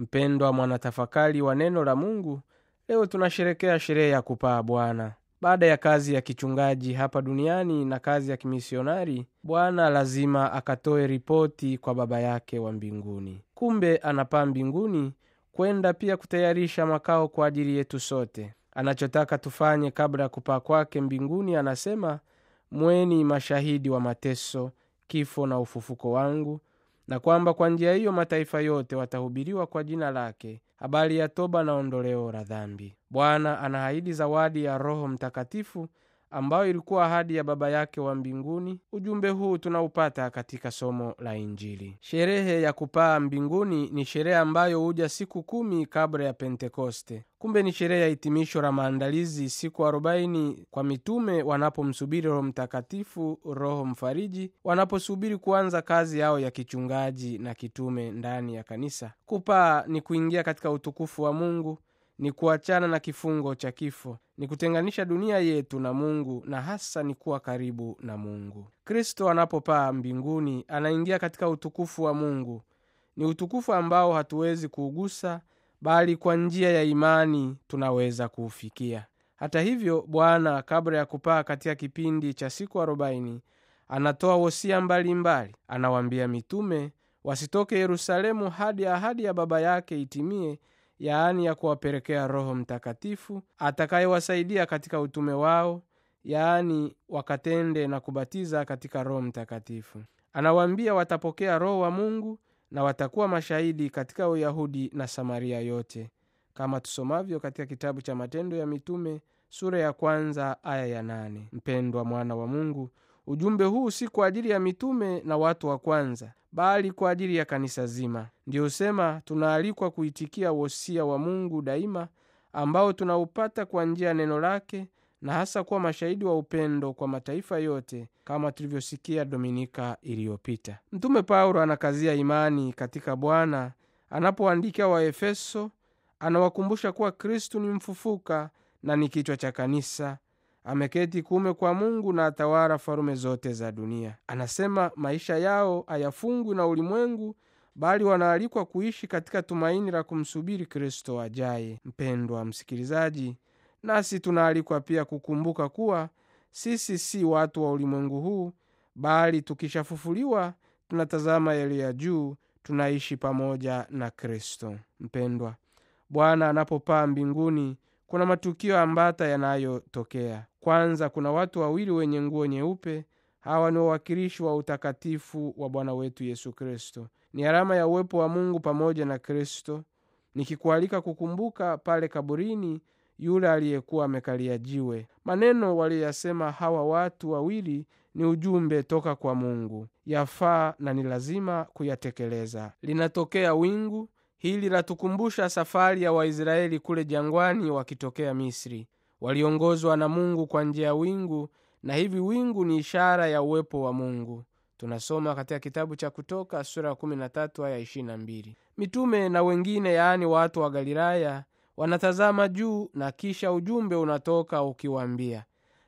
Mpendwa mwanatafakari wa neno la Mungu, leo tunasherekea sherehe ya kupaa Bwana. Baada ya kazi ya kichungaji hapa duniani na kazi ya kimisionari, Bwana lazima akatoe ripoti kwa Baba yake wa mbinguni. Kumbe anapaa mbinguni kwenda pia kutayarisha makao kwa ajili yetu sote. Anachotaka tufanye kabla ya kupaa kwake mbinguni, anasema mweni mashahidi wa mateso, kifo na ufufuko wangu, na kwamba kwa njia hiyo mataifa yote watahubiriwa kwa jina lake habari ya toba na ondoleo la dhambi. Bwana anaahidi zawadi ya Roho Mtakatifu ambayo ilikuwa ahadi ya Baba yake wa mbinguni. Ujumbe huu tunaupata katika somo la Injili. Sherehe ya kupaa mbinguni ni sherehe ambayo huja siku kumi kabla ya Pentekoste. Kumbe ni sherehe ya hitimisho la maandalizi, siku arobaini kwa mitume wanapomsubiri Roho Mtakatifu, Roho Mfariji, wanaposubiri kuanza kazi yao ya kichungaji na kitume ndani ya kanisa. Kupaa ni kuingia katika utukufu wa Mungu ni kuachana na kifungo cha kifo ni kutenganisha dunia yetu na mungu na hasa ni kuwa karibu na mungu kristo anapopaa mbinguni anaingia katika utukufu wa mungu ni utukufu ambao hatuwezi kuugusa bali kwa njia ya imani tunaweza kuufikia hata hivyo bwana kabla ya kupaa katika kipindi cha siku arobaini anatoa wosia mbalimbali anawambia mitume wasitoke yerusalemu hadi ahadi ya baba yake itimie yaani ya kuwapelekea Roho Mtakatifu atakayewasaidia katika utume wao, yaani wakatende na kubatiza katika Roho Mtakatifu. Anawaambia watapokea Roho wa Mungu na watakuwa mashahidi katika Uyahudi na Samaria yote, kama tusomavyo katika kitabu cha Matendo ya Mitume sura ya kwanza aya ya nane. Mpendwa mwana wa Mungu, Ujumbe huu si kwa ajili ya mitume na watu wa kwanza, bali kwa ajili ya kanisa zima. Ndiyo sema tunaalikwa kuitikia wosia wa Mungu daima, ambao tunaupata kwa njia ya neno lake, na hasa kuwa mashahidi wa upendo kwa mataifa yote, kama tulivyosikia Dominika iliyopita. Mtume Paulo anakazia imani katika Bwana anapoandikia Waefeso, anawakumbusha kuwa Kristu ni mfufuka na ni kichwa cha kanisa ameketi kume kwa Mungu na atawala falume zote za dunia. Anasema maisha yao hayafungwi na ulimwengu, bali wanaalikwa kuishi katika tumaini la kumsubiri Kristo ajaye. Mpendwa msikilizaji, nasi tunaalikwa pia kukumbuka kuwa sisi si watu wa ulimwengu huu, bali tukishafufuliwa tunatazama yaliyo ya juu, tunaishi pamoja na Kristo. Mpendwa, Bwana anapopaa mbinguni kuna matukio ambata yanayotokea. Kwanza, kuna watu wawili wenye nguo nyeupe. Hawa ni wawakilishi wa utakatifu wa Bwana wetu Yesu Kristo, ni alama ya uwepo wa Mungu pamoja na Kristo. Nikikualika kukumbuka pale kaburini yule aliyekuwa amekalia jiwe. Maneno waliyoyasema hawa watu wawili ni ujumbe toka kwa Mungu, yafaa na ni lazima kuyatekeleza. Linatokea wingu Hili latukumbusha safari ya Waisraeli kule jangwani wakitokea Misri. Waliongozwa na Mungu kwa njia ya wingu, na hivi wingu ni ishara ya uwepo wa Mungu. Tunasoma katika kitabu cha Kutoka sura ya 13 aya 22. Mitume na wengine, yaani watu wa Galilaya, wanatazama juu, na kisha ujumbe unatoka ukiwaambia,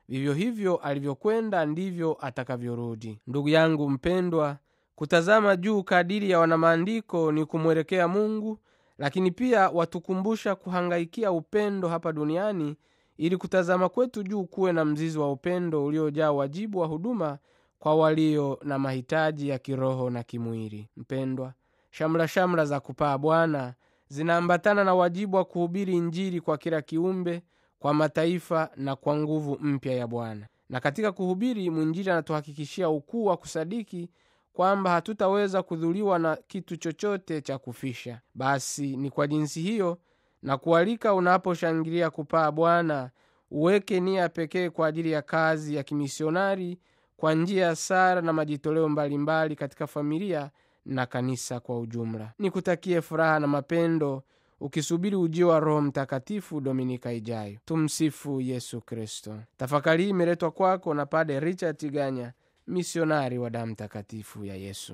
vivyo hivyo alivyokwenda ndivyo atakavyorudi. Ndugu yangu mpendwa, Kutazama juu kadiri ya wanamaandiko ni kumwelekea Mungu, lakini pia watukumbusha kuhangaikia upendo hapa duniani ili kutazama kwetu juu kuwe na mzizi wa upendo uliojaa wajibu wa huduma kwa walio na mahitaji ya kiroho na kimwili. Mpendwa, shamra shamra za kupaa Bwana zinaambatana na wajibu wa kuhubiri Injili kwa kila kiumbe, kwa mataifa na kwa nguvu mpya ya Bwana. Na katika kuhubiri, mwinjili anatuhakikishia ukuu wa kusadiki kwamba hatutaweza kudhuliwa na kitu chochote cha kufisha. Basi ni kwa jinsi hiyo na kualika, unaposhangilia kupaa Bwana, uweke nia pekee kwa ajili ya kazi ya kimisionari kwa njia ya sara na majitoleo mbalimbali katika familia na kanisa kwa ujumla. Nikutakie furaha na mapendo ukisubiri ujio wa Roho Mtakatifu dominika ijayo. Tumsifu Yesu Kristo. Tafakari hii imeletwa kwako na Pade Richard Tiganya misionari wa damu takatifu ya Yesu.